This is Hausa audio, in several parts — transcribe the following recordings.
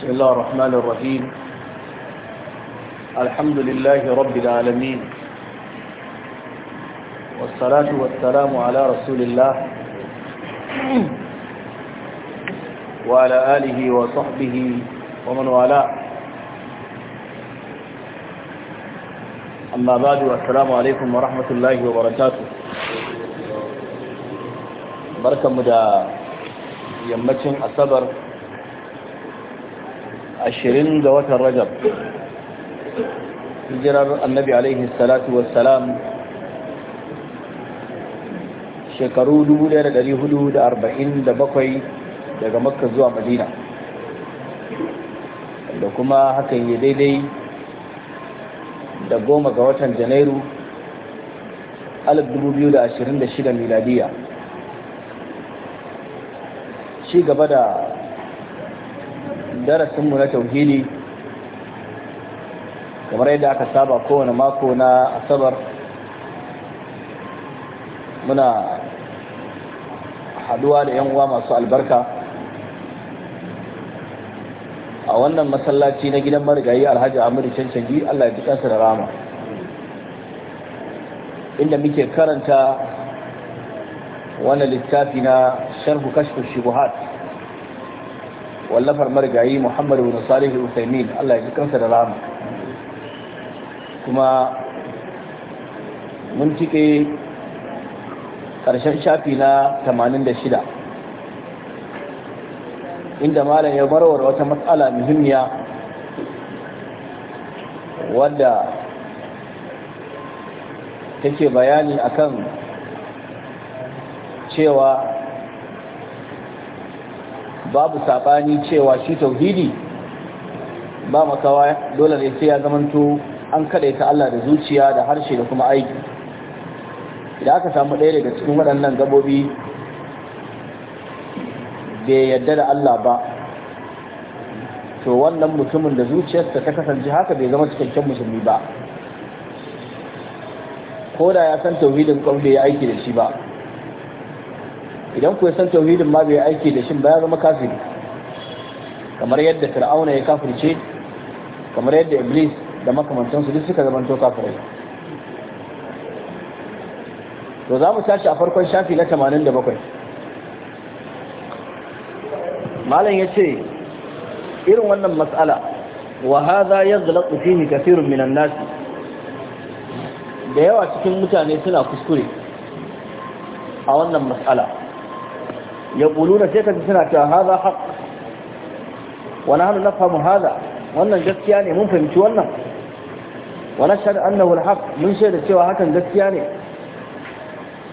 بسم الله الرحمن الرحيم الحمد لله رب العالمين والصلاة والسلام على رسول الله وعلى آله وصحبه ومن والاه أما بعد والسلام عليكم ورحمة الله وبركاته بركة مدى يمتن أصبر ashirin ga watan rajab hijirar annabi alaihi salatu wassalam shekaru 1447 daga makka zuwa madina da kuma hakan ya daidai da goma ga watan janairu 2026 miladiya shi gaba da darasinmu na Tauhili kamar yadda aka saba kowane mako na asabar muna haduwa da 'yan uwa masu albarka a wannan masallaci na gidan marigayi alhaji amir cancangi allah ya fi kansa da rama inda muke karanta wannan littafi na sharhu kashfu shubuhat wallafar marigayi muhammadu bin salih usaimin allah ya ji kansa da rama kuma mun cike ƙarshen shafi na 86 inda malam ya barwar wata matsala muhimmiya wadda take bayani akan cewa babu sabani cewa shi tauhidi ba makawa dole ne sai ya zamanto an kadaita Allah da zuciya da harshe da kuma aiki idan aka samu ɗaya daga cikin waɗannan gabobi bai yadda da Allah ba to wannan mutumin da zuciyarsa ta kasance haka bai zama cikakken musulmi ba ko da ya san tauhidin kwamfe bai aiki da shi ba idan ku san tauhidin ma bai aiki da shin ba ya zama kafiri kamar yadda fir'auna ya kafirce kamar yadda iblis da makamantansu duk suka zamanto kafirai to za mu tashi a farkon shafi na 87 malam ya ce irin wannan matsala wa haza ya zalaɓu fihi kafirun minan nasi da yawa cikin mutane suna kuskure a wannan matsala yaquluna sai kaji suna cewa hadha haqq wa nahnu nafhamu hadha wannan gaskiya ne mun fahimci wannan wa nashhadu annahu alhaq mun shaida cewa hakan gaskiya ne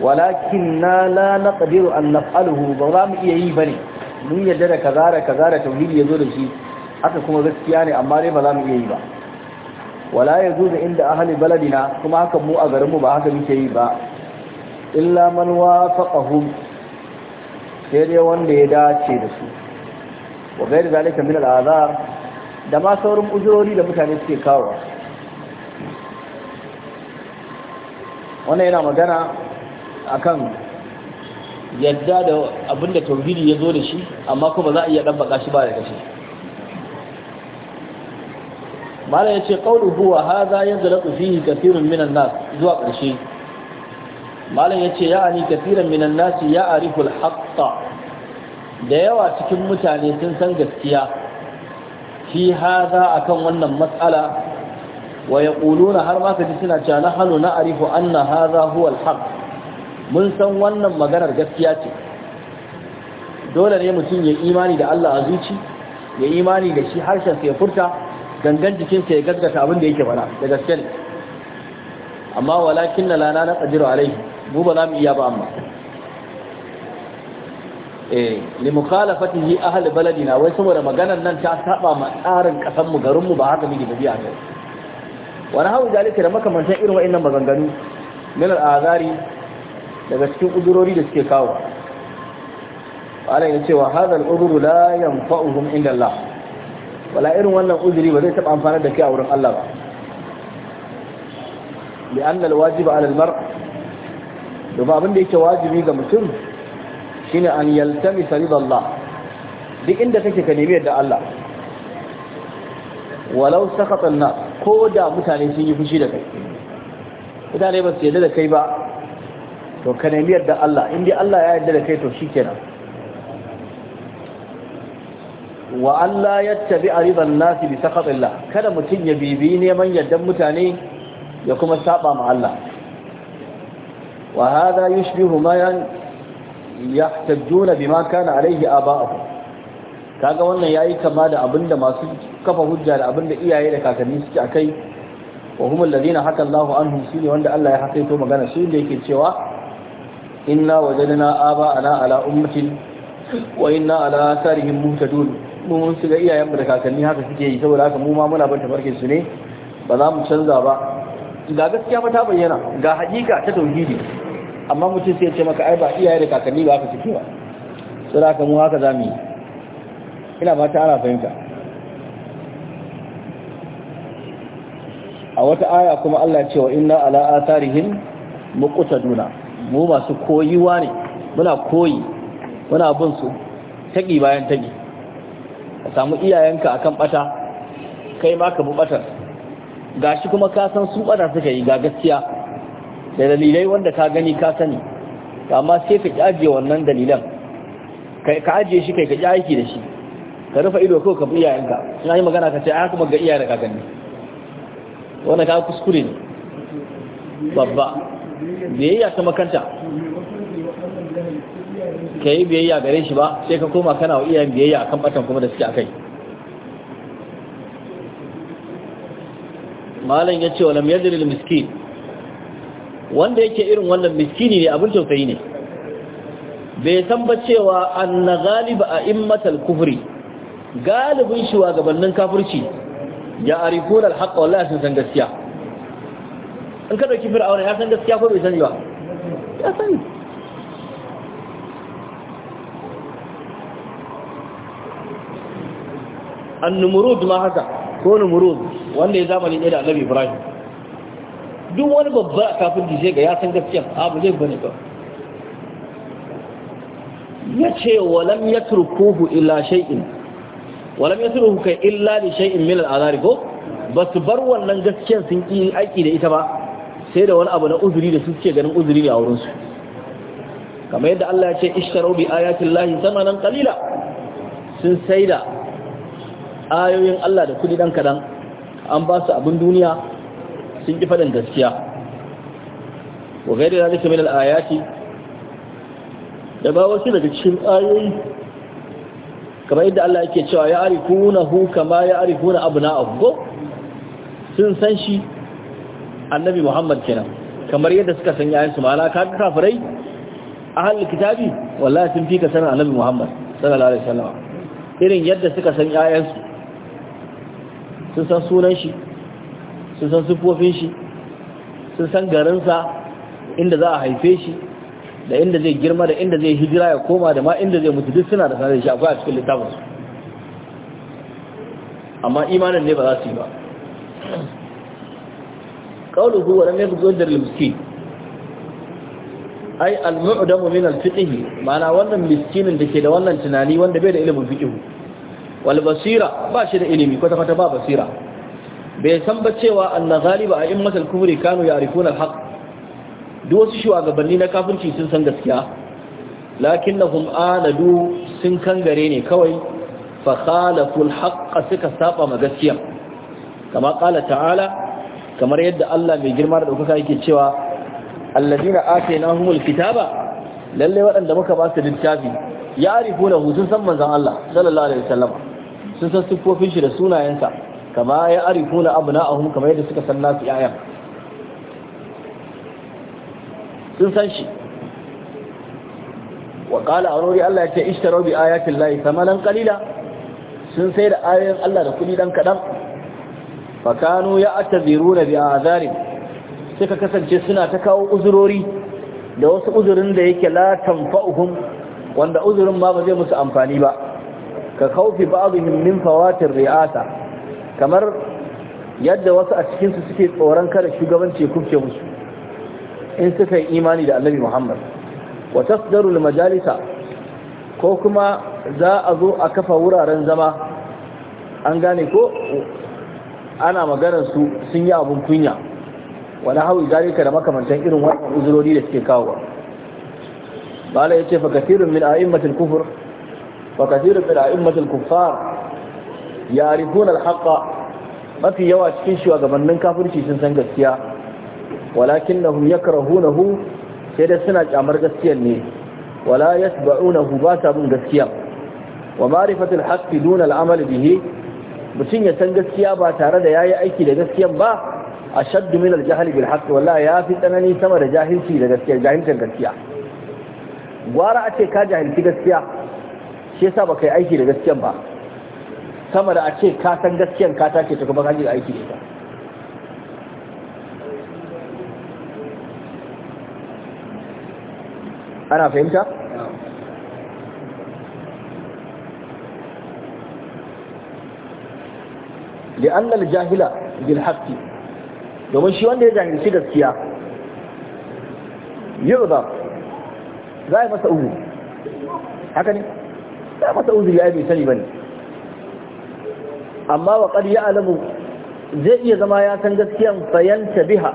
walakinna la naqdiru an naf'aluhu ba za mu iya yi bane mun yadda da kaza da kaza da tauhidi yazo da shi haka kuma gaskiya ne amma dai ba za mu iya yi ba wala yajuzu inda ahli baladina kuma haka mu a garinmu ba haka muke yi ba illa man wafaqahum sai dai wanda ya dace da su wa da zalika min al'azar da ma saurin uzurori da mutane suke kawo wannan yana magana akan yadda da abinda tauhidi ya zo da shi amma kuma za a iya ɗabbaka shi ba da kashe mala ya ce ƙaunar huwa ha za yin zalaƙu fihi minan nas zuwa ƙarshe malam yace ya'ani kaseeran minan nasi ya'rifu al-haqqa da yawa cikin mutane sun san gaskiya fi hada akan wannan mas'ala wa yaquluna har ma kaji suna cewa na na arifu anna hada huwa al-haqq mun san wannan maganar gaskiya ce dole ne mutum ya imani da Allah a zuci ya imani da shi harshen sa ya furta gangan jikinsa ya gaskata abin da yake fara da gaskiya amma walakin na lana na ƙadiru alaihi mu ba za mu iya ba amma eh li mukhalafatihi ahli baladina wai saboda maganar nan ta saba ma tsarin kasan mu garin mu ba haka muke tafiya kai wani hau zalika da makamantan irin wa'in wa'annan maganganu min al-azari daga cikin ƙudurori da suke kawo Allah ya ce wa hadha al-udru la yanfa'uhum inda Allah wala irin wannan uduri ba zai taɓa amfana da kai a wurin Allah ba لأن الواجب على المرء يبقى abin da yake wajibi ga mutum shine an yaltami saridallah duk inda kake ka nemi yadda Allah walau sakata na ko da mutane sun yi fushi da kai mutane ba su yadda da kai ba to ka nemi yadda Allah inda Allah ya yadda da kai to shikenan wa Allah yattabi aridan nasi kada mutum ya bibi neman yaddan mutane ya kuma saba ma Allah wa hada yushbihu ma yahtajjuna bima kana alaihi aba'uhum kaga wannan yayi kama da abinda masu kafa hujja da abinda iyaye da kakanni suke akai wa humul ladina haka Allahu anhum sune wanda Allah ya hakaito magana su da yake cewa inna wajadna aba'ana ala ummatin wa inna ala atharihim muhtadun mun su ga iyayen da kakanni haka suke yi saboda haka mu ma muna bin tafarkin su ne ba za mu canza ba ga gaskiya ba ta bayyana ga hakika ta tauhidi amma mutum sai ya ce maka ai ba iyaye da kakanni ba ka suke ba sai da mu haka zamu yi ina ba ta ana fahimta a wata aya kuma Allah ce wa inna ala atharihim muqtaduna mu masu koyiwa ne muna koyi muna bin su tagi bayan tagi ka samu iyayenka akan bata kai ma ka bu batar gashi kuma ka san su bada suka yi ga gaskiya da dalilai wanda ka gani ka sani amma sai ka ajiye wannan dalilan ka ajiye shi kai ka ji aiki da shi ka rufe ido kawai ka bi iyayenka suna yi magana ka ce a kuma ga iyayen ka gani wanda ka kuskure ne babba biyayya ta makanta ka yi biyayya gare shi ba sai ka koma kana wa iyayen biyayya akan batan kuma da suke a kai malam ya ce wa lam yadril miskin wanda yake irin wannan miskini ne abin tausayi ne bai san ba cewa anna galiba a immatal kufri galibin gabanin kafirci ya arifun alhaq wallahi sun san gaskiya in ka dauki fir'auna ya san gaskiya ko bai sani ba ya sani annumurud ma haka ko numurud wanda ya zamani ɗaya da annabi ibrahim duk wani babba kafin jishe ga ya san gaskiya abu zai bane ba ya ce walam ya turkuhu illa shay'in walam ya turkuhu kai illa li shay'in min al'azari ko ba su bar wannan gaskiyar sun yi aiki da ita ba sai da wani abu na uzuri da suke ganin uzuri ne a su, kamar yadda Allah ya ce ishtarau bi ayatin lahi samanan qalila sun saida ayoyin Allah da kudi dan kadan an ba su abin duniya sun ƙi faɗin gaskiya wa gaida zalika min minal ayati da ba wasu daga cikin ayoyi kamar yadda Allah yake cewa ya na hu kama ya abu na abna'ahu sun san shi annabi Muhammad kenan kamar yadda suka san yayin su mala ka kafirai ahal kitabi wallahi sun fi ka a annabi Muhammad sallallahu alaihi wasallam irin yadda suka san yayin su sun san sunan shi sun san sufofin shi sun san garinsa inda za a haife shi da inda zai girma da inda zai hijira ya koma da ma inda zai mutu duk suna da sanar shi akwai a cikin littafin su amma imanin ne ba za su yi ba qawlu huwa lam zo da miskin ai al-mu'damu min al-fiqh ma'ana wannan miskinin da ke da wannan tunani wanda bai da ilimin fiqh wal basira ba shi da ilimi kwata kwata ba basira bai san ba cewa anna ba a in masal Kano kanu ya'rifuna al duk wasu shugabanni na kafirci sun san gaskiya lakinnahum anadu sun kangare ne kawai fa khalafu suka saba ma gaskiya kama qala ta'ala kamar yadda Allah mai girma da daukaka yake cewa alladina atainahumul kitaba lalle waɗanda muka ba su littafi ya arifuna hu sun san manzon Allah sallallahu alaihi wasallam sun san siffofin shi da sunayensa kama ya na abna'ahum kamar yadda suka san nasu yayan sun san shi wa a aruri Allah ya ce ishtaraw bi ayati layi. thamanan kalila sun sai da ayoyin Allah da kudi dan kadan fa na ya'taziruna a azari suka kasance suna ta kawo uzurori da wasu uzurin da yake latan fa'uhun, wanda uzurin ma ba zai musu amfani ba ka kaufi ba'dihim min fawatir ri'asa kamar yadda wasu a cikin su suke tsoron kada shugabanci kuke musu in suka yi imani da Annabi Muhammad wata tasdaru majalisa ko kuma za a zo a kafa wuraren zama an gane ko ana maganar su sun yi abun kunya wani hawi zalika da makamantan irin wannan uzurori da suke kawo bala ce fa kathirun min a'immatil kufur وكثير من أئمة الكفار يعرفون الحق ما في يوا cikin shugabannin kafirci sun san gaskiya walakinnahum yakrahunahu sai dai suna kyamar gaskiyar ne wala yasba'unahu ba sa bin gaskiya wa ma'rifatul haqqi duna al'amal bihi mutum ya san gaskiya ba tare da yayi aiki da gaskiyan ba ashaddu min al-jahl bil haqq wallahi yafi tsanani sama da jahilci da gaskiya jahilcin gaskiya gwara a ce ka jahilci gaskiya shi yasa baka kai aiki da gaskiya ba sama da a ce ka san gaskiya ka take ta kuma ka da aiki da ita ana fahimta jahila الجاهل بالحق domin shi wanda ya jahilci gaskiya yurda za a masa ugu haka ne ya masa uzuri ya bai sani ba ne? amma wa qad ya'lamu zai iya zama ya san gaskiyan ta biha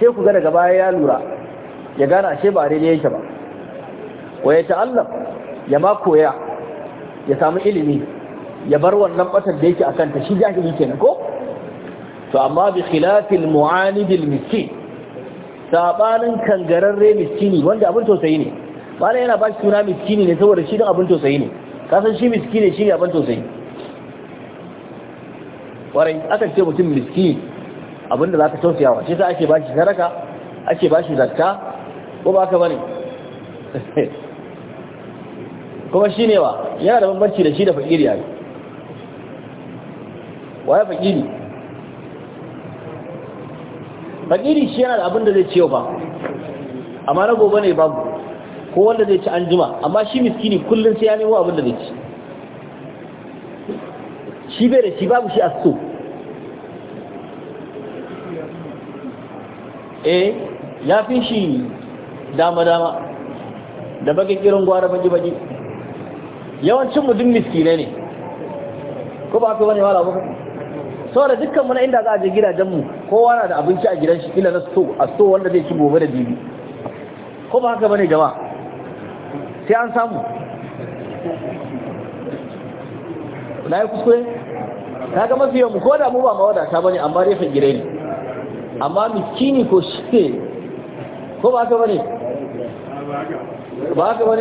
sai ku ga daga baya ya lura ya gana ashe ba daidai yake ba wa ya ta'allam ya ma koya ya samu ilimi ya bar wannan batar da yake akan ta shi jahili kenan ko to amma bi khilafil mu'anidil miskin sabanin kangararre miskini wanda abin tausayi ne wani yana ba shi suna miskini ne saboda shi don abin tausayi ne kasan shi miskini shi ne abin tausayi warai aka ce mutum miskini abin da za ka tausayawa shi sa ake ba shi saraka ake ba shi zarta ko ba ka bane kuma shi ne wa yana da bambanci da shi da fakiri Wa ya fakiri fakiri shi yana da abin da zai ciyo ba amma na gobe ne babu ko wanda zai ci an jima amma shi miskini kullum sai ya nemo abin da zai ci shi bai da shi babu shi a so eh ya fi shi dama-dama da bakin irin gwara baji-baji yawancin mu duk miskinai ne ko ba ka wani wala ba da dukkan muna inda za a je gidajenmu kowa na da abinci a gidan shi ila na so a so wanda zai ci gobe da dibi ko ba haka bane jama'a sai an samu na yi kuskure ta ga mafi yamu ko da mu ba mawada ba ne amma refin gire ne amma ne ko shi ko ba bane ba ne ba haka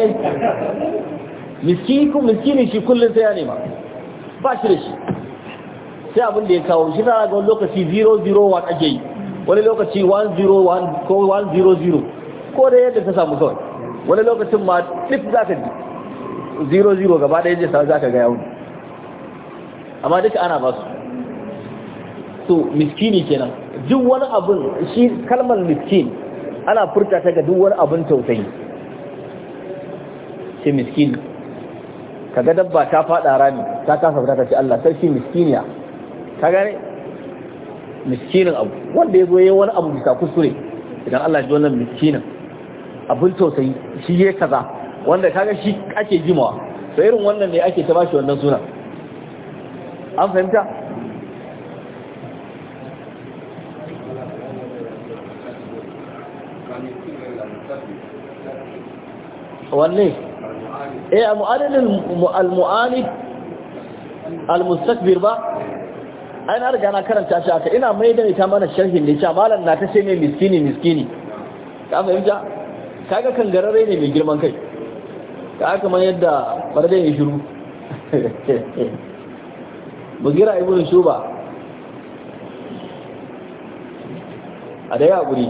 ne shi kullum sai ya nema ba shi da shi sai abin da ya kawo shi ta ragon lokaci 001 ake yi wani lokaci 101 ko 100 ko da yadda ta samu kawai wani lokacin ma duk za ka zero zero gaba ɗaya jinsa za ka gaya wani, amma duka ana ba su so miskini kenan duk wani abin shi kalmar miskin ana furta ta ga duk wani abin tausayi shi miskini ga dabba ta faɗa rami ta kasa fata ta ce Allah sai shi miskiniya ka gane miskinin abu wanda ya zo yi wani abu bisa kuskure idan Allah ji wannan miskinin abin tausayi shi ya kaza wanda kaga shi ake jimawa sai irin wannan ne ake ta bashi wannan suna an fahimta wanne eh al-mu'anid al-mu'anid al-mustakbir ba ai na riga na karanta shi aka ina mai da ita mana sharhin ne cha malam na ta ce ne miskini miskini ka fahimta kaga kangararre ne mai girman kai ka aka man yadda barde ya shiru bugira ibn shuba a da ya guri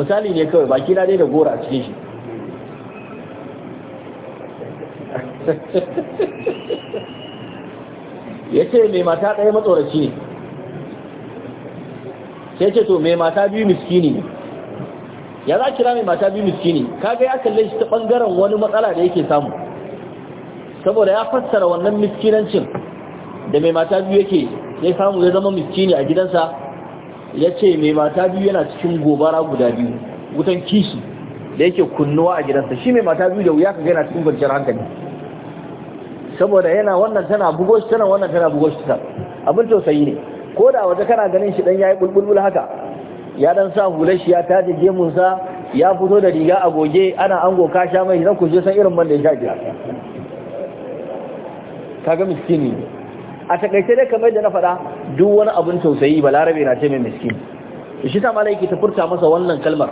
misali ne kawai baki na dai da gora a cikin shi ya ce mai mata ɗaya matsoraci ne sai ce to mai mata biyu miskini ne ya za kira mai mata biyu miskini kaga ya kalle shi ta bangaren wani matsala da yake samu saboda ya fassara wannan miskinancin da mai mata biyu yake ya samu ya zama miskini a gidansa ya ce mai mata biyu yana cikin gobara guda biyu wutan kishi da yake kunnuwa a gidansa shi mai mata biyu da wuya kaga yana cikin kwanciyar hankali saboda yana wannan tana bugo shi tana wannan tana bugo shi ta abin tausayi ne ko da waje kana ganin shi dan yayi bulbulbul haka ya dan sa hular shi ya taje gemunsa ya fito da riga a goge ana ango ka sha mai na kuje san irin man da ya sha kaga miskini a takaice dai kamar da na faɗa duk wani abin tausayi balarabe na ce mai miskin shi ta malaiki ta furta masa wannan kalmar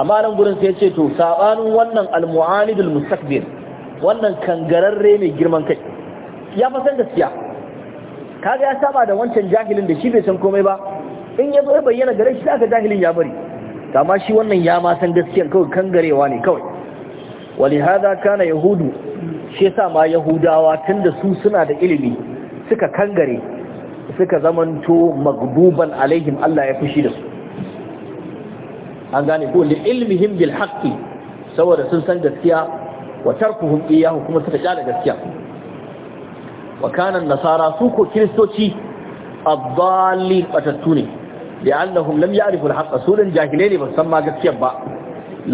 amma nan gurin sai ce to sabanin wannan almu'anidul mustaqbil wannan kangararre mai girman kai ya fasan san gaskiya kaga ya saba da wancan jahilin da shi bai san komai ba in ya zo ya bayyana gare shi aka jahilin ya bari kama shi wannan ya ma san gaskiyan kawai kan garewa ne kawai wali hada kana yahudu shi sa ma yahudawa tun da su suna da ilimi suka kangare suka zamanto magduban alaihim Allah ya fushi da su an gane ko li ilmihim bil haqqi saboda sun san gaskiya wa tarkuhum iyahu kuma suka kyale gaskiya wa kana nasara su ko kristoci abali batattu ne لأنهم لم يعرفوا الحق سولا جاهلين بسمى قد كبا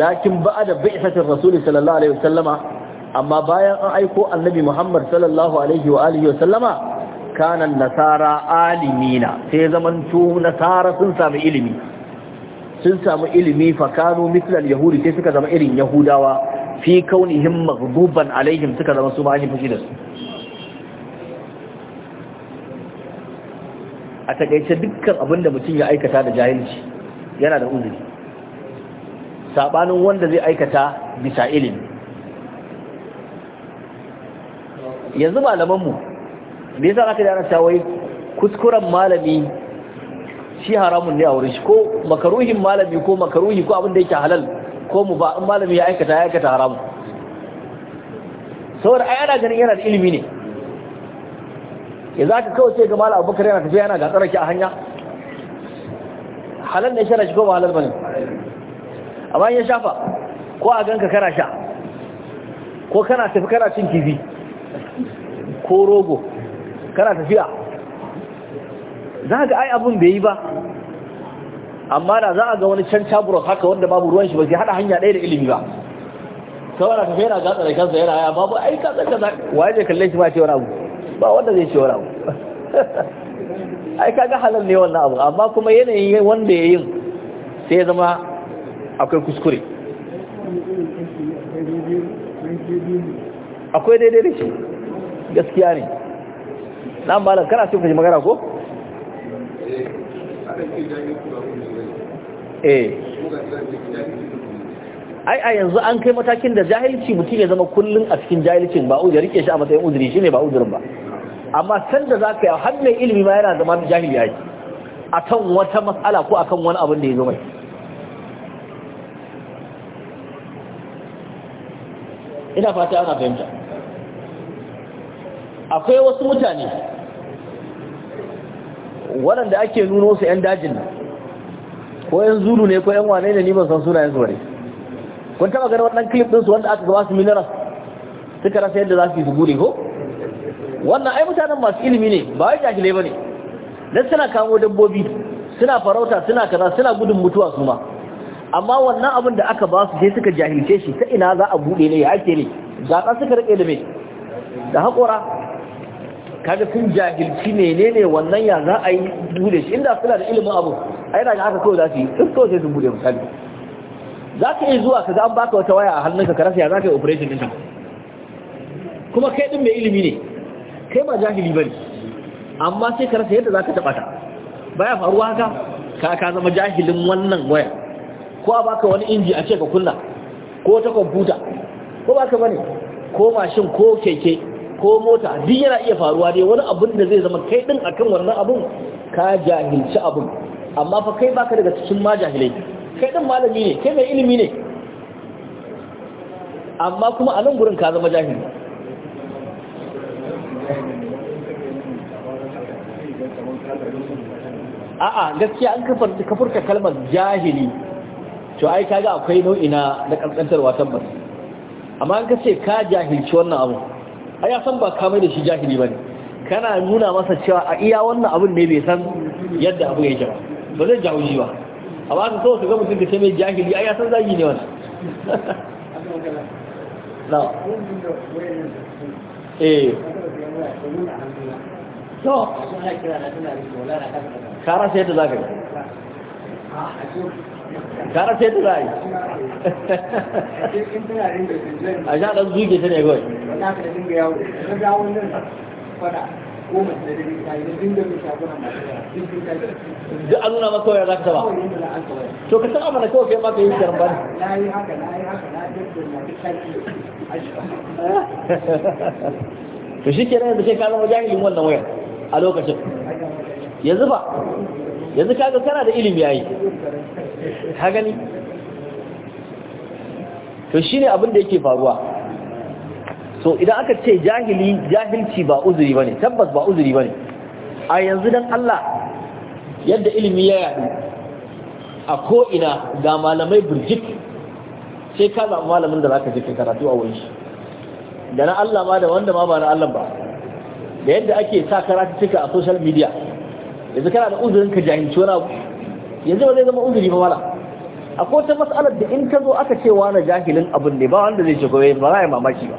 لكن بعد بعثة الرسول صلى الله عليه وسلم أما بايا أيكو النبي محمد صلى الله عليه وآله وسلم كان النصارى عالمين في زمن تو نصارى سنسام علمي سنسام علمي فكانوا مثل اليهود كيف كذا إلي يهودا في كونهم مغضوبا عليهم سكذا مسوما عنهم فشيدس a takaice dukkan abin da mutum ya aikata da jahilci yana da uzuri sabanin wanda zai aikata bisa ilimi yanzu malamanmu da yasa aka da ana wai kuskuren malami shi haramun ne a wurin shi ko makaruhin malami ko makaruhi ko abin da yake halal ko mu ba in malami ya aikata ya aikata haramun saboda ai ana ganin yana da ilimi ne ya za ka kawai sai ga malam abubakar yana tafiya yana gantsar ki a hanya halal ne shara shi ko ba halal A bayan ya shafa ko a ganka kana sha ko kana tafi kana cin kifi ko rogo kana tafiya za ga ai abun bai yi ba amma da za a ga wani can caburus haka wanda babu ruwan shi ba sai hada hanya ɗaya da ilimi ba kawai na tafiya na gatsa kansa yana haya babu ai ka tsaka waye kalle shi ma ce wani abu ba wanda zai shora wani abu ai kaga halal ne wannan abu amma kuma yanayin wanda ya yin sai zama akwai kuskure akwai daidai da shi gaskiya ne nan ba da kana ka ji magana ko? eh ai a yanzu an kai matakin da jahilci mutum ya zama kullum a cikin jahilcin ba uzuri rike shi a matsayin uzuri shi ne ba uzurin ba amma sanda za ka yi har mai ilimi ma yana zama jahili ya yi a kan wata matsala ko a kan wani abin da ya zo mai ina fata ana fahimta akwai wasu mutane waɗanda ake nuno su 'yan dajin ko 'yan zulu ne ko 'yan wane ne ban san suna yin ne kun taba gani wannan clip ɗinsu wanda aka gaba su mineral suka rasa yadda za su yi su gure ko wannan ai mutanen masu ilimi ne ba wai jahilai bane dan suna kamo dabbobi suna farauta suna kaza suna gudun mutuwa su ma amma wannan abin da aka ba su sai suka jahilce shi ta ina za a bude ne ya ake ne ka suka rike da me da hakura kaga sun jahilci menene wannan ya za a yi bude shi inda suna da ilimin abu ai da haka kawai za su yi kawai sai su bude misali za ka iya zuwa ka ga an baka wata waya a hannunka ka rasa ya za ka yi operation ɗinka kuma kai ɗin mai ilimi ne kai ba jahili bane amma sai ka rasa yadda zaka taba ta baya faruwa haka ka ka zama jahilin wannan waya ko a baka wani inji a ce ka kunna ko ta kwamfuta ko baka bane ko mashin ko keke ko mota duk yana iya faruwa dai wani abun da zai zama kai din akan wannan abun ka jahilci abun amma fa kai baka daga cikin ma jahilai kai din malami ne kai mai ilimi ne amma kuma a nan gurin ka zama jahili a'a gaskiya an kafurka kalmar jahili to ai kaga akwai nau'i na na kankantarwa tabbas amma an kace ka jahilci wannan abu ai ya san ba ka mai da shi jahili bane kana nuna masa cewa a iya wannan abun ne bai san yadda abu yake ba ba zai shi ba amma ka so ka ga mutum ka ke mai jahili ai ya san zagi ne wannan na eh kara sai da za ka yi kara sai da za a yi a sha ɗan zuge ta ne kawai duk an nuna maka waya za ka taba to ka san amana kawai kai ma ka yi shirin ba na yi haka na yi haka na yi haka na yi haka to shi ke nan da kai ka zama jahilin wannan wayar a lokacin yanzu ba yanzu kaga kana da ilimi yayi ka gani to shine abin da yake faruwa so idan aka ce jahili jahilci ba uzuri ba ne, tabbas ba uzuri ba ne. a yanzu don Allah yadda ilimi ya yadu a ko ina ga malamai burjik sai ka zaɓi malamin da zaka ka jikin karatu a wurin shi da na Allah ba da wanda ma ba na Allah ba da yadda ake sa karatu cika a social media yanzu kana da uzurin ka jahilci wani abu yanzu ba zai zama uzuri ba wala akwai wata matsalar da in ka zo aka ce wani jahilin abin ne ba wanda zai shigo gobe ba za a yi mamaki ba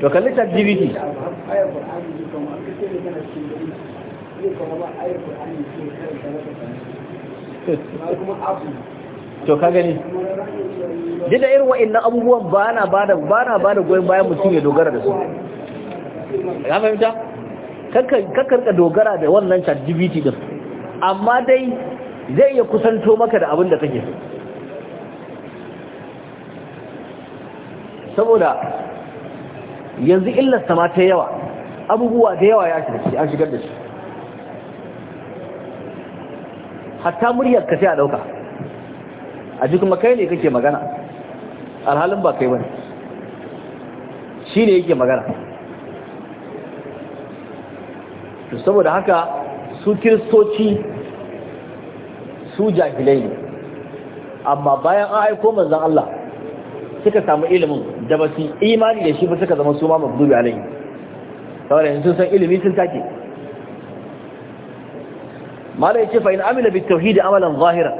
to kalli chat gpt ayar to ka gani duk da irin wa'annan abubuwan ba na ba da goyon bayan mutum ya dogara da su ya fahimta kakarka dogara da wannan chat gbt din amma dai zai iya kusanto maka da abin da kake saboda yanzu illar ma ta yawa abubuwa da yawa ya shigar da shi hatta muryar ka sai a dauka a kuma kai ne kake magana alhalin ba kai bane shine yake magana to saboda haka su kiristoci su jahilai ne amma bayan an aiko manzon Allah suka samu ilimin da ba imani da shi ba suka zama su ma mabdubi alai saboda yanzu sun san ilimi sun take mala yace fa in amila bit tauhid amalan zahira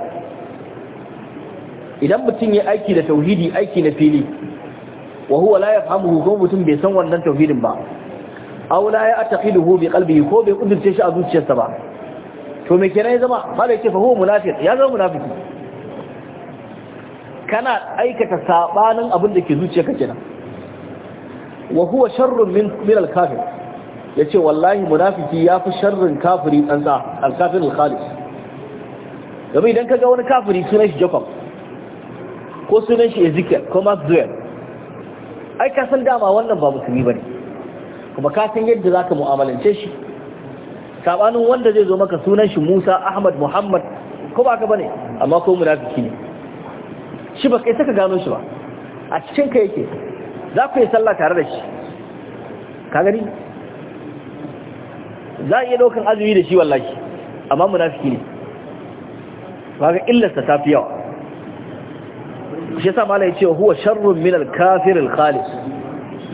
idan mutum ya aiki da tauhidi aiki na fili wa huwa la yafhamuhu ko mutum bai san wannan tauhidin ba aw la ya'taqiduhu bi qalbihi ko bai kudurce shi a zuciyarsa ba to me kenan ya zama mala yace fa huwa munafiq ya zama munafiki kana aikata sabanin abin da ke zuciyarka kenan wa huwa sharrun min min al-kafir Ya ce wallahi munafiki fi sharrin kafiri tsantsa alkafin kafir al domin idan kaga wani kafiri sunan shi Jacob ko sunan shi Ezekiel ko Maxwell ai ka san dama wannan ba musulmi bane kuma ka san yadda zaka mu'amalance shi sabanin wanda zai zo maka sunan shi Musa Ahmad Muhammad ko ba ka bane amma ko munafiki ne shi ba kai saka gano shi ba a cikin ka yake za ku yi sallah tare da shi ka gani za a iya ɗaukar azumi da shi wallaki. amma munafiki ne ba ga illasta ta fi yawa shi sa malai cewa huwa sharrun min al-kafir al-khalis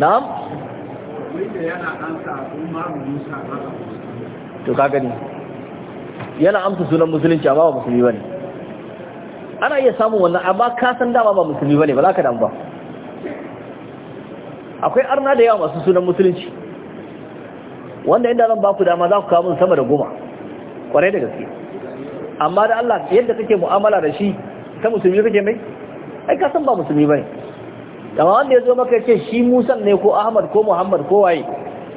na'am to ka gani yana amsa sunan musulunci amma ba musulmi bane ana iya samun wannan amma ka san dama ba musulmi bane ba za ka damu ba akwai arna da yawa masu sunan musulunci wanda inda zan baku dama za ku kawo mun sama da goma kwarai da gaske amma da Allah yadda kake mu'amala da shi ta musulmi kake mai ai ka san ba musulmi bane amma wanda ya zo maka ce shi Musan ne ko Ahmad ko Muhammad ko waye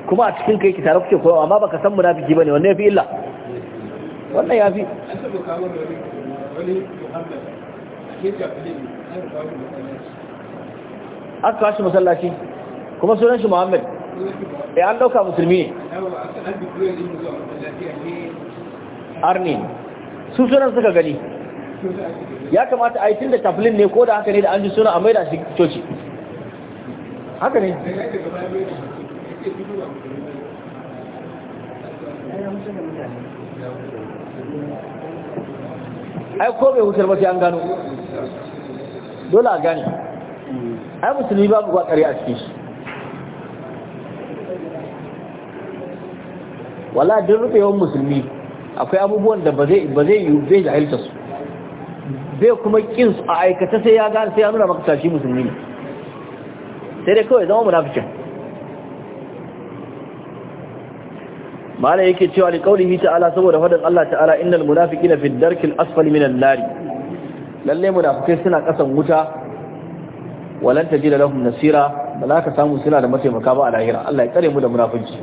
kuma a cikin kai ki tare kuke koyo amma baka san munafiki bane wanda yafi illa wannan yafi aka kawo shi masallaci kuma sunan shi Muhammad E an ɗauka musulmi ne arni su sunan suka gani ya kamata a yi tun da tafilin ne ko da haka ne da an ji suna a maida shi coci haka ne ai ko bai wutar ba sai an gano dole a gane ai musulmi babu ba kariya a cikin shi wala duk rubewan musulmi akwai abubuwan da ba zai ba zai yi bai jahilta su bai kuma kin su a aikata sai ya gane sai ya nuna maka tashi musulmi ne sai dai kawai zama munafikin mala yake cewa li qaulihi ta'ala saboda fadin Allah ta'ala innal munafiqina fi darkil asfali minan nar lalle munafikai suna kasan wuta walan tajida lahum nasira ba za ka samu suna da mataimaka ba a lahira Allah ya kare mu da munafici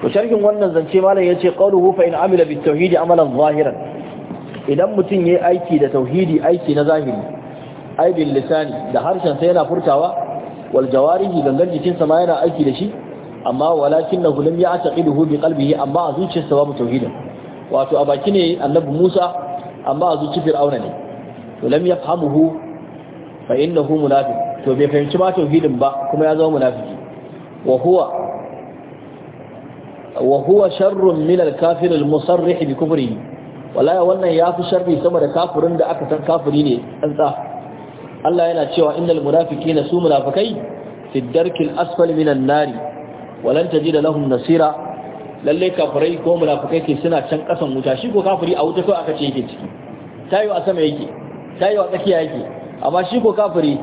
to sharhin wannan zance malam yace qawluhu fa in amila bit tauhidi amalan zahiran idan mutum yayi aiki da tauhidi aiki na zahiri ai bil da harshen sa yana furtawa wal jawarihi gangan jikin sa ma yana aiki da shi amma walakinahu lam ya'taqiduhu bi qalbihi amma a zuciyarsa babu tauhidin wato a baki ne annabi Musa amma a zuci Fir'auna ne to lam yafhamuhu fa innahu munafiq to bai fahimci ma tauhidin ba kuma ya zama munafiki wa huwa wa huwa sharrun min al-kafir al-musarrih bi kufrihi wallahi wannan yafi sharri sama da kafirin da aka san kafiri ne tsantsa Allah yana cewa innal munafiqina su munafikai fi darkil asfali minan nari walan tajida lahum nasira lalle kafirai ko munafikai ke suna can kasan wuta shi ko kafiri a wuta ko aka ce yake ciki tayo a sama yake tayo a tsakiya yake amma shi ko kafiri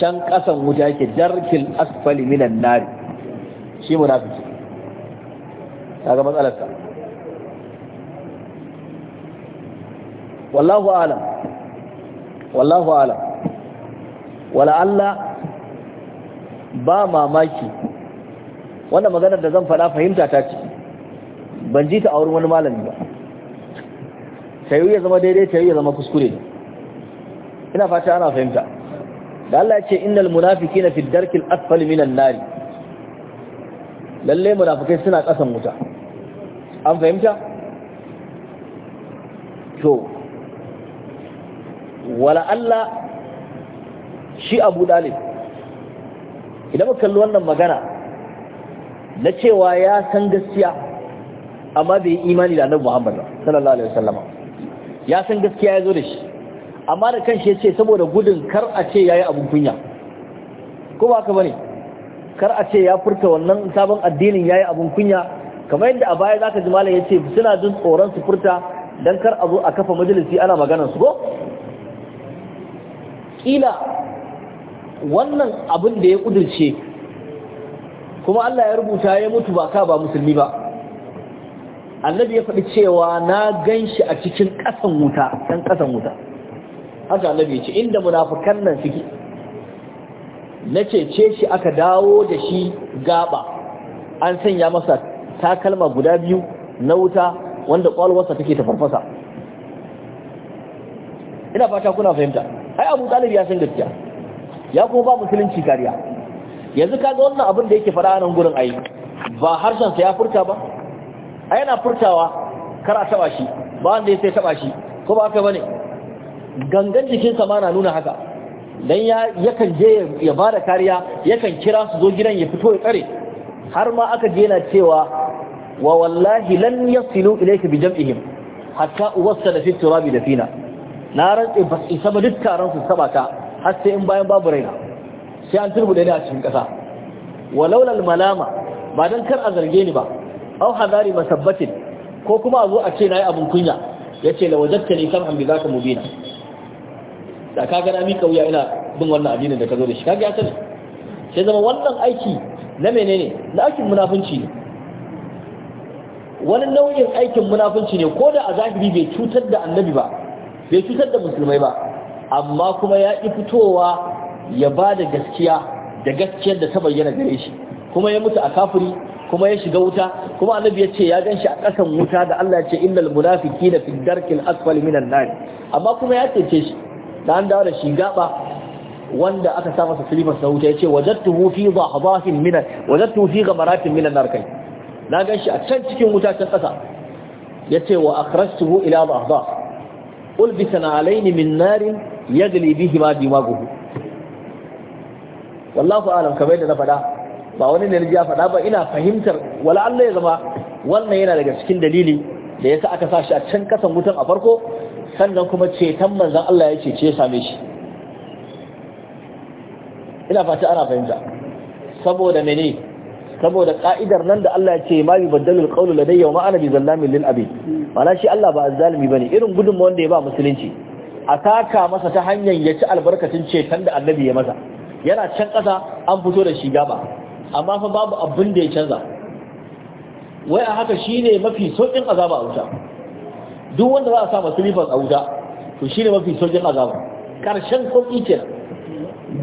can kasan wuta yake darkil asfali minan nari shi munafiki kaga matsalarsa wallahu alam wallahu alam wala Allah ba mamaki wannan maganar da zan faɗa fahimta ta ce ban ji ta auri wani malami ba tayu ya zama daidai tayu ya zama kuskure ina fata ana fahimta da Allah ya ce innal munafiqina fi darkil asfali minan nari lalle munafukai suna kasan wuta an fahimta to wala Allah shi Abu Dalib idan muka kalli wannan magana na cewa ya san gaskiya amma bai yi imani da Annabi Muhammad sallallahu alaihi wasallam ya san gaskiya ya zo da shi amma da kanshi ya ce saboda gudun kar a ce yayi abun kunya ko ba ka bane kar a ce ya furta wannan sabon addinin yayi abun kunya kamar yadda a baya zaka ji malam yace suna jin tsoron su furta dan kar a zo a kafa majalisi ana maganar su go? kila wannan abin da ya kudirce kuma Allah ya rubuta ya mutu ba ka ba musulmi ba annabi ya faɗi cewa na ganshi a cikin ƙasan wuta ɗan ƙasan wuta haka annabi ya ce inda munafukan nan suke na cece shi aka dawo da shi gaba an sanya masa takalma guda biyu na wuta wanda kwalwarsa take ta farfasa ina fata kuna fahimta ai abu talib ya san gaskiya ya kuma ba musulunci kariya yanzu kaga wannan abin da yake fara nan gurin ai ba harshen sa ya furta ba ai yana furtawa kara taba shi ba wanda ya sai taba shi ko ba ka bane gangan jikinsa ma na nuna haka dan yakan je ya bada kariya yakan kira su zo gidan ya fito ya tsare har ma aka je na cewa wa wallahi lan yasilu ilayka bi jam'ihim hatta uwassala fi turabi dafina na rantse bas isa ba duk taron su saba ka har sai in bayan babu raina sai an turbude ni a cikin kasa walaula malama ba dan kar a zarge ni ba au hadari masabbatin ko kuma a zo a ce nayi abun kunya yace la wajadta ni kam bi zaka mubina da ka gana mika wuya ina bin wannan addinin da ka zo da shi kaga ya sani sai zama wannan aiki na menene na aikin munafunci ne wani nau'in aikin munafunci ne ko da a zahiri bai cutar da annabi ba bai cutar da musulmai ba amma kuma ya ƙi fitowa ya ba da gaskiya da gaskiyar da ta bayyana gare shi kuma ya mutu a kafiri kuma ya shiga wuta kuma annabi ya ce ya gan shi a ƙasan wuta da Allah ya ce innal munafiqina fi darkil asfali minan nar amma kuma ya cece shi da dawo da shi gaba wanda aka sa masa silifar sa wuta yace wajadtuhu fi dhahdahin min wajadtuhu fi ghamaratin min an kai na gan shi a can cikin wuta can kasa yace wa akhrajtuhu ila dhahdah ulbisana alayni min narin yagli bihi ma dimaguhu wallahu alam kamar yadda na faɗa ba wani ne ya faɗa ba ina fahimtar wala Allah ya zama wannan yana daga cikin dalili da yasa aka sa shi a can kasan wutan a farko sannan kuma ceton manzan Allah ya ce ya same shi ina fata ana fahimta saboda mene saboda ka'idar nan da Allah ya ce ma bi baddalul qawlu ladayya wa ma ana bi zallamin lil abid mana shi Allah ba azzalimi bane irin gudun mu wanda ya ba musulunci a saka masa ta hanyar ya ci albarkacin ceton da annabi ya masa yana can kasa an fito da shi gaba amma fa babu abin da ya canza wai a haka shi ne mafi sauƙin azaba a wuta duk wanda za a sa masu a wuta to shi ne mafi sauƙin azaba karshen sauki kenan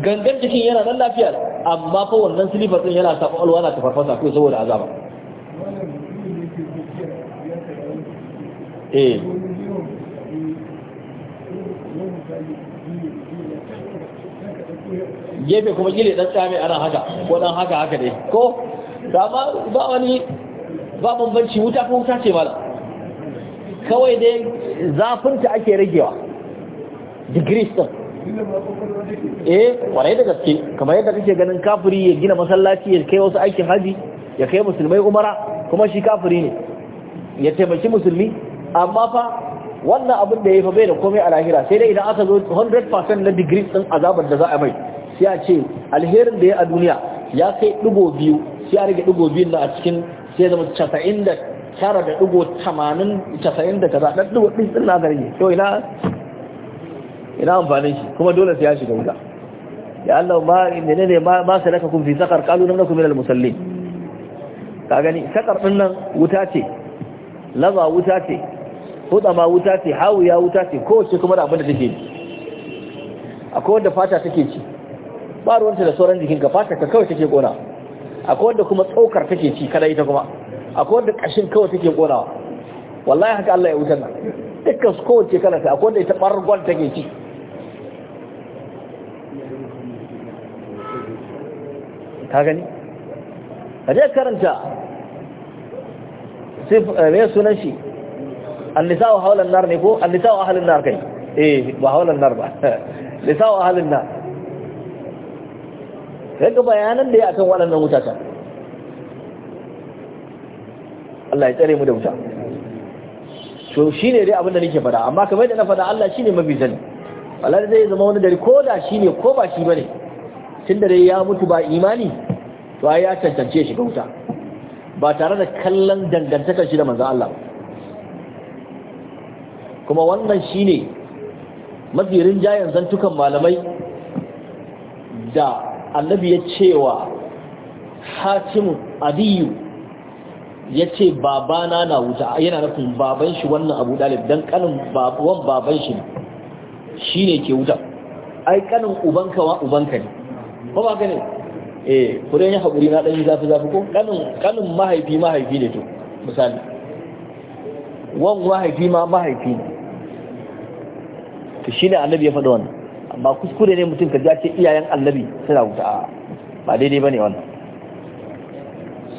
gangan cikin yana nan lafiya amma fa wannan silifar ɗin yana sa kwakwalwa na tafarfasa ko saboda azaba eh gefe kuma gile dan tsami ana haka ko dan haka haka ne ko dama ba wani ba bambanci wuta ko wuta ce mala kawai dai zafinta ake ragewa degrees din eh kwarai da gaske kamar yadda kake ganin kafiri ya gina masallaci ya kai wasu aikin haji ya kai musulmai umara kuma shi kafiri ne ya taimaki musulmi amma fa wannan abin da ya fa bai da komai a lahira sai dai idan aka zo 100% na degrees din azabar da za a mai sai a ce alherin da ya a duniya ya kai digo biyu sai a rage digo biyun na a cikin sai zama casa'in da tara da ɗigo tamanin casa'in da kaza ɗan ɗigo ɗin suna na zarge ina ina amfanin shi kuma dole sai ya shiga wuta ya Allah ma inda ne ne ma sai laka kun fi sakar kalu nan kuma minal musallin ka gani sakar ɗin nan wuta ce lama wuta ce ma wuta ce ya wuta ce kowace kuma da abin da take ne. akwai wanda fata take ci ba ruwanta da sauran jikinka fata ka kawai take kona akwai wanda kuma tsokar take ci kada ita kuma akwai wanda kashin kawai take konawa wallahi haka Allah ya wutar nan dukkan su kowace kala ta akwai wanda ita bargon take ci ka gani a je karanta sai ne eh, sunan shi annisa wa haulan nar ne ko annisa wa ahlin nar kai eh ba hawlan nar ba lisa wa ahlin nar kaga bayanan da ya akan waɗannan wutata Allah ya tsare mu da wuta to shine dai abin da nake faɗa amma kamar da na faɗa Allah shine mafi sani Allah zai zama wani dare ko da shine ko ba shi bane tun da ya mutu ba imani to ai ya tantance shi ga wuta ba tare da kallon dangantakar shi da manzo Allah kuma wannan shine mafi rinjayen zantukan malamai da annabi ya cewa hatimu adiyu ya ce babana na wuta yana nufin baban shi wannan abu dalib don kanin babuwan baban shi shi ne ke wuta ai kanin ubanka wa ubanka ne ba ba ka ne eh kudin ya haƙuri na ɗanyi zafi zafi ko kanin mahaifi mahaifi ne to misali wan mahaifi ma mahaifi ne to shi ne annabi ya faɗi wannan ba kuskure ne mutum ka jace iyayen annabi suna wuta ba daidai ba ne wannan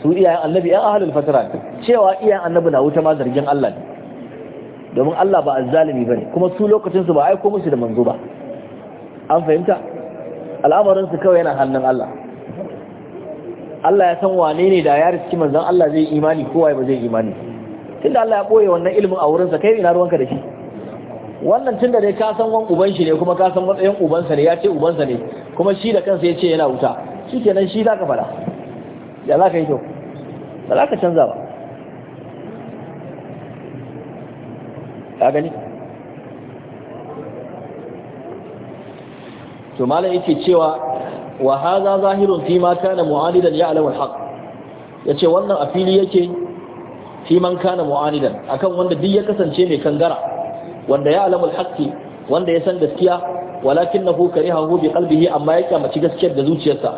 su iyayen annabi yan ahalul fatara cewa iyayen annabi na wuta ma zargin Allah ne domin Allah ba azzalimi ba ne kuma su lokacin su ba aiko musu da manzo ba an fahimta al'amarin su kawai yana hannun Allah Allah ya san wane ne da ya riski manzon Allah zai imani kowa ba zai imani tunda Allah ya boye wannan ilimin a wurinsa kai ina ruwanka da shi wannan tun da dai ka san wan uban shi ne kuma ka san matsayin ubansa ne ya ce ubansa ne kuma shi da kansa ya ce yana wuta shi nan shi za ka fada ya za ka yi kyau ba za ka canza ba ka gani to malam yake cewa wa haza zahirun fi ma kana mu'anidan ya al-haq yace wannan a fili yake fi man kana mu'anidan akan wanda duk ya kasance mai kangara wanda ya alamul haqqi wanda ya san gaskiya walakinahu karihahu bi qalbihi amma ya kyamaci gaskiyar da zuciyarsa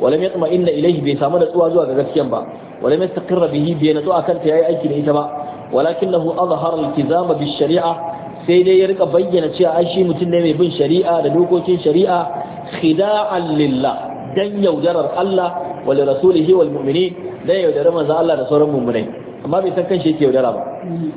walam yatma inna ilayhi bai samu da zuwa ga gaskiyar ba walam yastaqirra bihi bai natsu kanta ta yayi aiki da ita ba walakinahu azhara al-iltizama bi shari'a sai dai ya rika bayyana cewa an shi mutum ne mai bin shari'a da dokokin shari'a khida'an lillah dan yaudarar Allah wal li rasulihi wal mu'minin dan yaudarar manzo Allah da sauran mu'minai amma bai san kanshi yake yaudara ba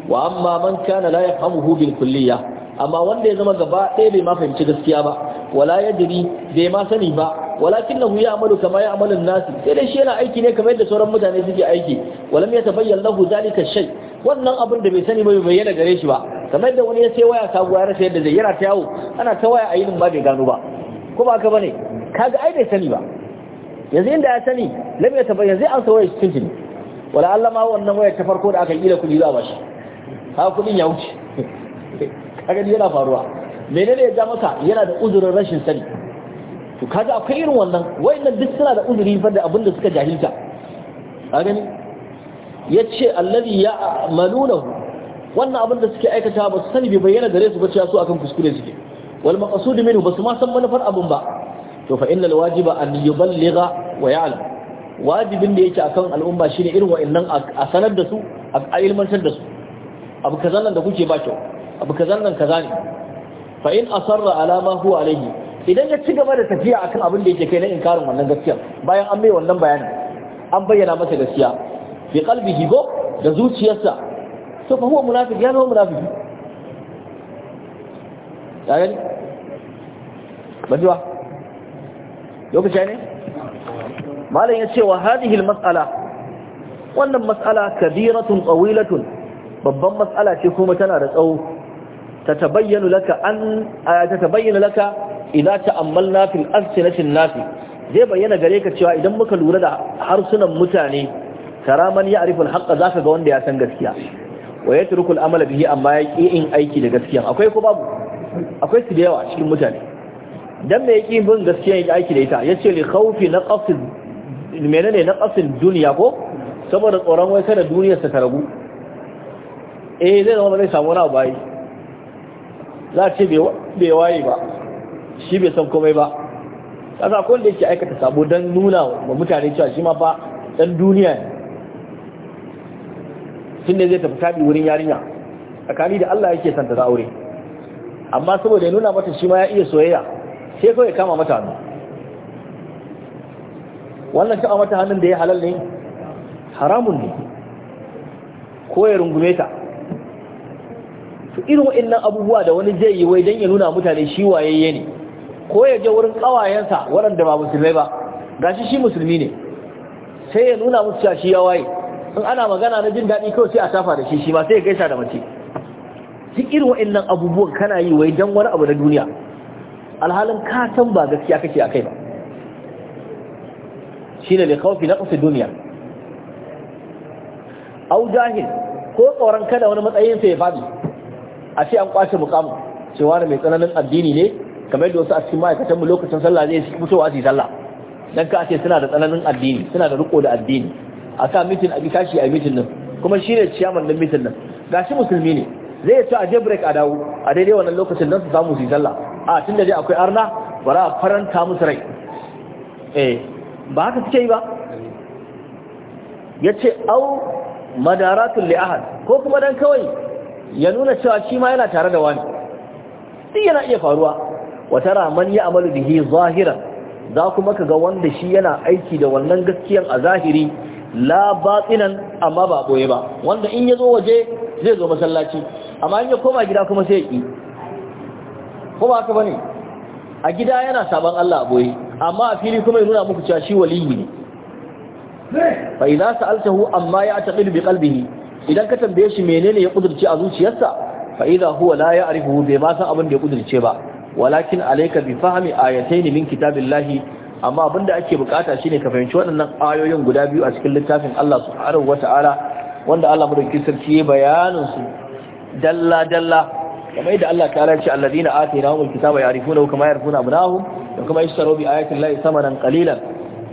wa amma man kana la yafhamuhu bil kulliya amma wanda ya zama gaba ɗaya bai ma fahimci gaskiya ba wala yadri bai ma sani ba walakinahu ya'malu kama ya'malu an-nasi sai dai shi yana aiki ne kamar yadda sauran mutane suke aiki walam yatabayyana lahu zalika shay wannan abin da bai sani ba bai bayyana gare shi ba kamar yadda wani ya sai waya ka ya rasa yadda zai yana ta yawo ana ta waya a yinin ba bai gano ba ko ba haka bane kaga ai bai sani ba yanzu inda ya sani lam yatabayyana zai an sawaye cikin wala Allah ma wannan waya ta farko da aka yi da kuɗi za a bashi ha kuɗin ya wuce kaga yana faruwa menene ya ja maka yana da uzurin rashin sani to kaga akwai irin wannan wayannan duk suna da uzuri fa da abin da suka jahilta a gani yace allazi ya malunahu wannan abin da suke aikata ba su sani bai bayyana gare su ba cewa su akan kuskure suke wal maqsud minhu ba su ma san manufar abin ba to fa innal wajiba an yuballigha wa ya'lam wajibin da yake akan al'umma shine irin wa'annan a sanar da su a ilmantar da su abu kaza nan da kuke ba kyau abu kaza nan kaza ne fa in asarra ala ma huwa alayhi idan ya ci gaba da tafiya akan abin da yake kai na inkarin wannan gaskiya bayan an mai wannan bayani an bayyana masa gaskiya fi qalbihi go da zuciyarsa to fa huwa munafiq ya zama munafiq ya gani bajuwa lokaci ne malam ya ce wa hadihil mas'ala wannan mas'ala kabiratun tsawilatun babban mas'ala ce kuma tana da tsawo ta tabayyana laka an ta tabayyana laka ila ta'ammalna fil alsinatin nasi zai bayyana gare ka cewa idan muka lura da harsunan mutane karaman ya arifin haƙƙa zaka ga wanda ya san gaskiya wa ya turku al'amala bihi amma ya ƙi in aiki da gaskiya akwai ko babu akwai su da yawa cikin mutane dan me yake bin gaskiya ya aiki da ita yace li khawfi naqsi mene ne na ƙasin duniya ko saboda tsoron wai kada duniyarsa ta ragu eh zai zama zai samu wani abu bayi za a ce bai waye ba shi bai san komai ba kasa akwai da yake aikata sabo don nuna wa mutane cewa shi ma fa dan duniya ne tun ne zai tafi tabi wurin yarinya tsakani da Allah yake santa za aure amma saboda ya nuna mata shi ma ya iya soyayya sai kawai kama mata hannu wannan a mata hannun da ya halal ne haramun ne ko ya rungume ta su irin waɗannan abubuwa da wani zai yi wai don ya nuna mutane shi wayayye ne ko ya je wurin ƙawayensa waɗanda ba musulmai ba gashi shi musulmi ne sai ya nuna musu cewa ya waye in ana magana na jin daɗi kawai sai a tafa da shi shi ma sai ya gaisa da mace Su irin wainnan abubuwan kana yi wai don wani abu na duniya alhalin ka ba gaskiya kake kai ba shine li khawfi naqs duniya? au jahil ko tsoron kada wani matsayin sa ya fadi a ce an kwashe mukamu cewa mai tsananin addini ne kamar da wasu a cikin ma'aikatan mu lokacin sallah zai fitowa a sallah dan ka ce suna da tsananin addini suna da riko da addini a sa mitin a tashi a mitin nan kuma shine ciyaman din mitin nan gashi musulmi ne zai ci a je break a dawo a daidai wannan lokacin nan su samu su sallah a tunda dai akwai arna bara faranta musu rai eh. ba haka suke yi ba ya ce au madaratun li'ahad ko kuma dan kawai ya nuna cewa shi ma yana tare da wani sai yana iya faruwa wata raman ya amalu da zahira za kuma ka ga wanda shi yana aiki da wannan gaskiyar a zahiri la batsinan amma ba boye ba wanda in ya zo waje zai zo masallaci amma in ya koma gida kuma sai ya Kuma ko ba ne a gida yana sabon Allah a boye amma a fili kuma ya nuna muku cewa shi waliyi ne fa idza sa'altahu amma ya taqil bi qalbihi idan ka tambaye shi menene ya kudurce a zuciyarsa fa idza huwa la ya'rifu bai ma san abin da ya kudurce ba walakin alayka bi fahmi ayatayn min kitabillahi amma abin da ake bukata shine ka fahimci waɗannan ayoyin guda biyu a cikin littafin Allah subhanahu wata'ala wanda Allah madaukakin sarki ya bayanin su dalla dalla kamar yadda Allah ta race alladina atainahumul kitaba yarifuna kama yarifuna abnahum da kuma yashtaru bi ayatin lahi samanan qalilan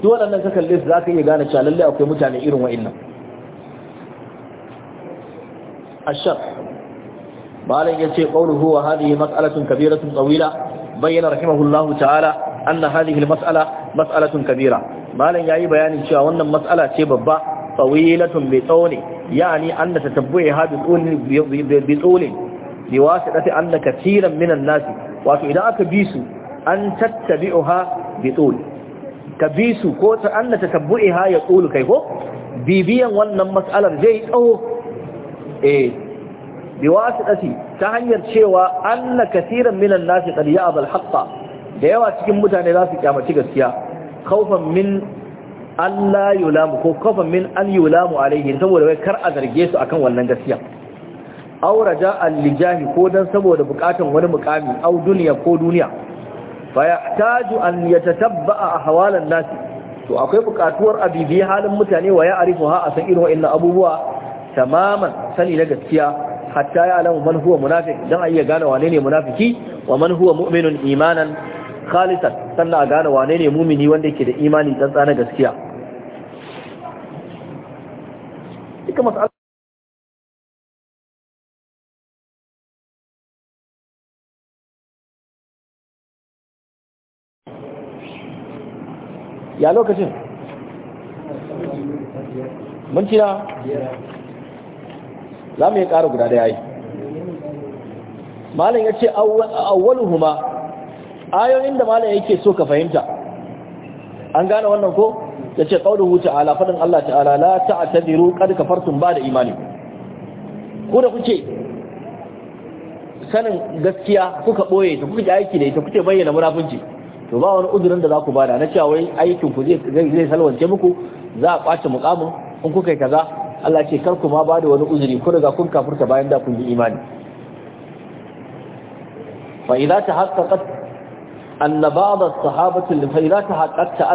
duk waɗannan ka kalle su zaka iya gane cewa lalle akwai mutane irin wa'annan ashar malam yace qawluhu wa hadhihi mas'alatun kabiratun tawila bayyana rahimahullahu ta'ala anna hadhihi masala mas'alatun kabira malam yayi bayanin cewa wannan mas'ala ce babba tawilatun bi tsawni yani anna tatabbu'i hadhihi bi tsawlin bi anna katiran minan nasi wato idan aka bi su an tattabi'uha bi tul ka bi su ko ta anna tatabbu'iha ya tul kai ko bibiyan wannan mas'alar zai tsawo eh bi ta hanyar cewa anna katiran minan nasi qad ya'ba al da yawa cikin mutane za su kyamaci gaskiya khawfan min Allah yulamu ko khawfan min an yulamu alaihi saboda wai kar a zarge su akan wannan gaskiya aw raja'an lijahi ko dan saboda bukatun wani mukami aw duniya ko duniya fa yahtaju an yatatabba'a an nas to akwai bukatuwar abibi halin mutane wa ya'rifuha a asan irin wa'in abubuwa tamaman sani na gaskiya hatta ya alamu man huwa munafiq dan ayya gane wane ne munafiki wa man huwa mu'minun imanan khalisan sannan a gane wane ne mumini wanda yake da imani tsantsa na gaskiya duka ya lokacin mun cina za mu yi ƙara guda da yayi malam ya ce awwaluhuma ayoyin da malam yake so ka fahimta an gane wannan ko ya ce ƙaunuhu ala faɗin Allah ta'ala la ta'tadiru qad kafartum ba da imani ku da kuke sanin gaskiya kuka ɓoye ta kuka aiki ne ita kuke bayyana munafunci to ba wani uzurin da za ku bada na cewa wai aikin ku zai salwance muku za a kwace mukamin in kuka yi kaza Allah ce kar ku ma bada wani uzuri ku riga kun kafurta bayan da kun yi imani fa idza tahaqqaqat anna ba'd as-sahabati fa idza tahaqqaqta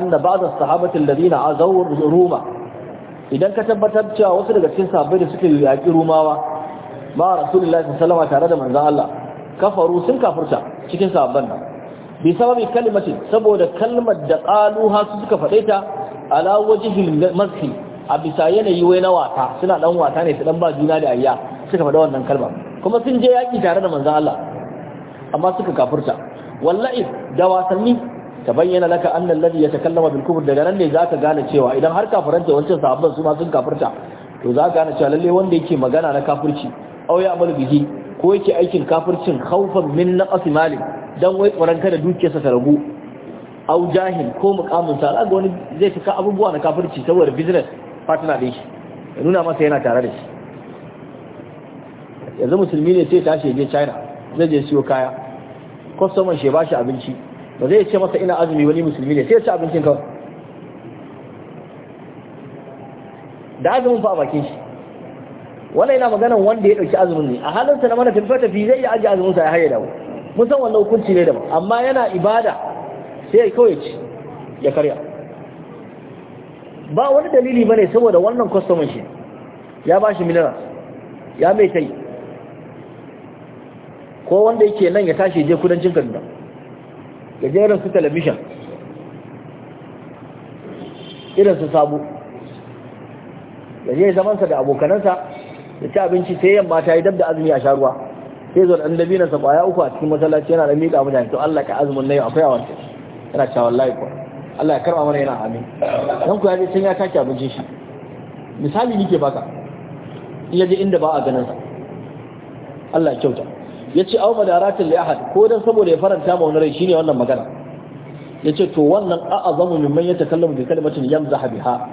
idan ka tabbatar cewa wasu daga cikin sahabbai da suka yi yaki rumawa ba rasulullahi sallallahu alaihi wasallam tare da manzon Allah kafaru sun kafurta cikin nan bi sababi kalmatin saboda kalmar da qaluha su suka faɗe ta ala wajhil mazhi a bisa yanayi wai na wata suna dan wata ne su dan ba juna da ayya suka faɗa wannan kalma kuma sun je yaki tare da manzon Allah amma suka kafirta wallahi da wasanni ta bayyana laka anna alladhi yatakallama bil kufr daga nan ne zaka gane cewa idan har kafiranta wancan sahabban su ma sun kafirta to zaka gane cewa lalle wanda yake magana na kafirci au ya amalu bihi ko yake aikin kafircin khawfan min naqsi mali dan wai tsoran kada dukiyarsa ta ragu au jahil ko mukamin sa ga wani zai fika abubuwa na kafirci saboda business partner din shi ya nuna masa yana tare da shi yanzu musulmi ne sai tashi je China zai je siyo kaya customer shi ba shi abinci ba zai ce masa ina azumi wani musulmi ne sai ya ci abincin kawai da azumin fa a bakin shi wannan yana maganan wanda ya dauki azumin ne a halin sa na mana tafi tafi zai iya aje azumin sa ya haye dawo mun san wannan hukunci ne daban amma yana ibada sai ya kawai ci ya karya ba wani dalili bane saboda wannan customer shi ya bashi minerals ya mai tai ko wanda yake nan ya tashi je kudancin Kaduna ya je irin su television irin su sabo ya je zamansa da abokanansa da ci abinci sai yamma ta yi dab da azumi a sha ruwa sai zo dan dabina sa kwaya uku a cikin masallaci yana da miƙa mutane to Allah ka azumin nayi akwai a wancan yana cewa wallahi ko Allah ya karba mana yana amin dan ku yaje sun ya take abincin shi misali nike baka in yaje inda ba a ganin sa Allah ya kyauta yace aw madaratin li ahad ko dan saboda ya faranta ma wani rai shine wannan magana yace to wannan a'azamu mimman yatakallamu bi kalimatin yamzahu biha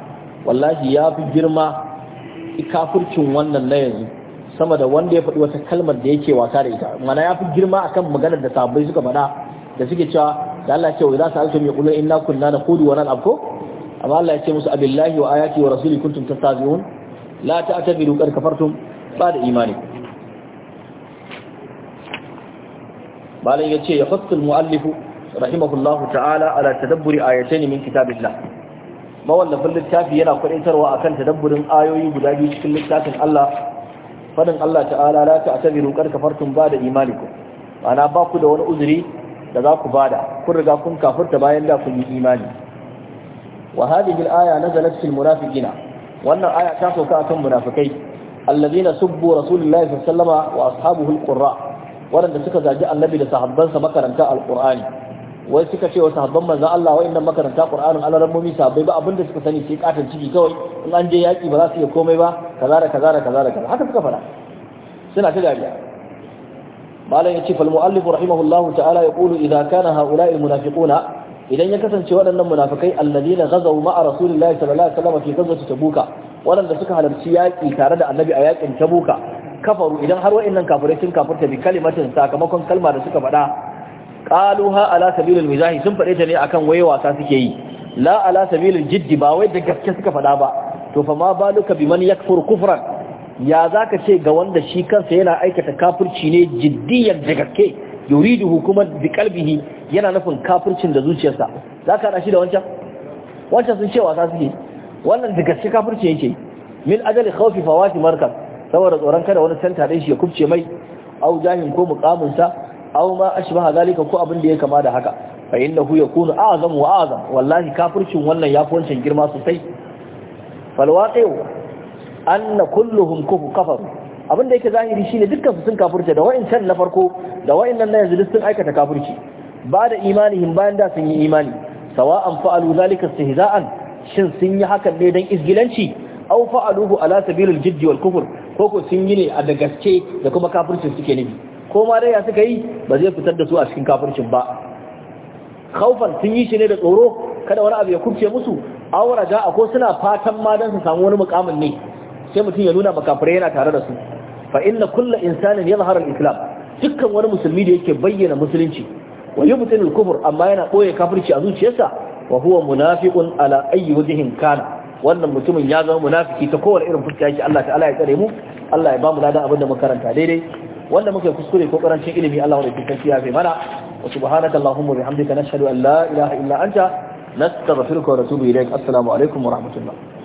wallahi ya fi girma kafircin wannan na yanzu sama da wanda ya faɗi wata kalmar da yake wasa da ita mana ya fi girma akan maganar da sabai suka faɗa da suke cewa da Allah ya ce wa za su alto mai kullu inna kunna na wa nal'ab ko amma Allah ya ce musu abillahi wa ayati wa rasuli kuntum tastazi'un la ta'tabiru qad kafartum ba da imani malam ya ce ya fassal mu'allifu rahimahullahu ta'ala ala tadabburi ayatayn min kitabillah mawallafin littafi yana kwadaitarwa akan tadabburin ayoyi guda biyu cikin littafin Allah fadin Allah ta'ala la ta'tabiru qad kafartum ba'da imanikum ana ba ku da wani uzuri da za ku bada kun riga kun kafirta bayan da kun yi imani wa hadhihi al-aya nazalat fil munafiqina wannan aya ta sauka akan munafikai alladhina subbu rasulullahi sallallahu alaihi wasallama wa ashabuhu al-qurra waɗanda suka zaji annabi da sahabbansa makaranta Al-Qur'ani. wai suka ce wa sahabban manzon Allah wa'annan makaranta Qur'anin alaran mummi sahabbai ba abinda suka sani sai katan ciki kawai in an je yaki ba za su iya komai ba kaza da kaza da kaza da kaza haka suka fara suna ta dariya malam yace fal muallif rahimahullahu ta'ala yaqulu idza kana ha'ula'i munafiquna idan ya kasance waɗannan munafikai alladina ghazaw ma'a rasulillahi sallallahu alaihi wasallam fi ghazwati tabuka waɗanda suka halarci yaƙi tare da annabi a yaƙin tabuka kafaru idan har wa'annan kafirai sun kafirta bi kalimatin sakamakon kalma da suka faɗa qaluha ala sabilil mizahi sun fade ta ne akan waye wasa suke yi la ala sabilil jiddi ba wai da gaske suka fada ba to fa ma baluka biman yakfur kufran ya zaka ce ga wanda shi kansa yana aikata kafirci ne jiddiyar da gaske yuridu hukumar bi qalbihi yana nufin kafircin da zuciyarsa zaka hada shi da wancan wancan sun ce wasa suke wannan da gaske kafirci yake min ajali khawfi fawati markab saboda tsoron kada wani santa dai shi ya kubce mai au jahin ko mukamin sa aw ma ashbaha zalika ko abin da ya kama da haka fa innahu yakunu a'zam wa a'zam wallahi kafircin wannan yafi wancan girma sosai fal waqi'u anna kulluhum kufu kafar abin da yake zahiri shine dukkan su sun kafirce da wa'incan na farko da wa'innan na yanzu duk sun aikata kafirci ba da imanihim bayan da sun yi imani sawa'an fa'alu zalika istihza'an shin sun yi hakan ne dan isgilanci aw fa'aluhu ala sabilil jiddi wal kufr ko ko sun yi ne a da gaske da kuma kafircin suke nabi Koma dai ya suka yi ba zai fitar da su a cikin kafircin ba khaufan sun yi shi ne da tsoro kada wani abu ya kubce musu awara a ko suna fatan ma dan su samu wani mukamin ne sai mutum ya nuna makafirai yana tare da su fa inna kullu insanin yadhharu al-islam dukkan wani musulmi da yake bayyana musulunci wa yubtin al-kufr amma yana boye kafirci a zuciyarsa wa huwa munafiqun ala ayyi wajhin kana wannan mutumin ya zama munafiki ta kowane irin fuska yake Allah ta'ala ya tsare mu Allah ya ba mu ladan abinda mu karanta daidai wanda muke kuskure ko karancin ilimi Allah wanda ke kafiya bai mana wa subhanaka allahumma bihamdika nashhadu an la ilaha illa anta nastaghfiruka wa natubu ilaik assalamu alaikum wa rahmatullah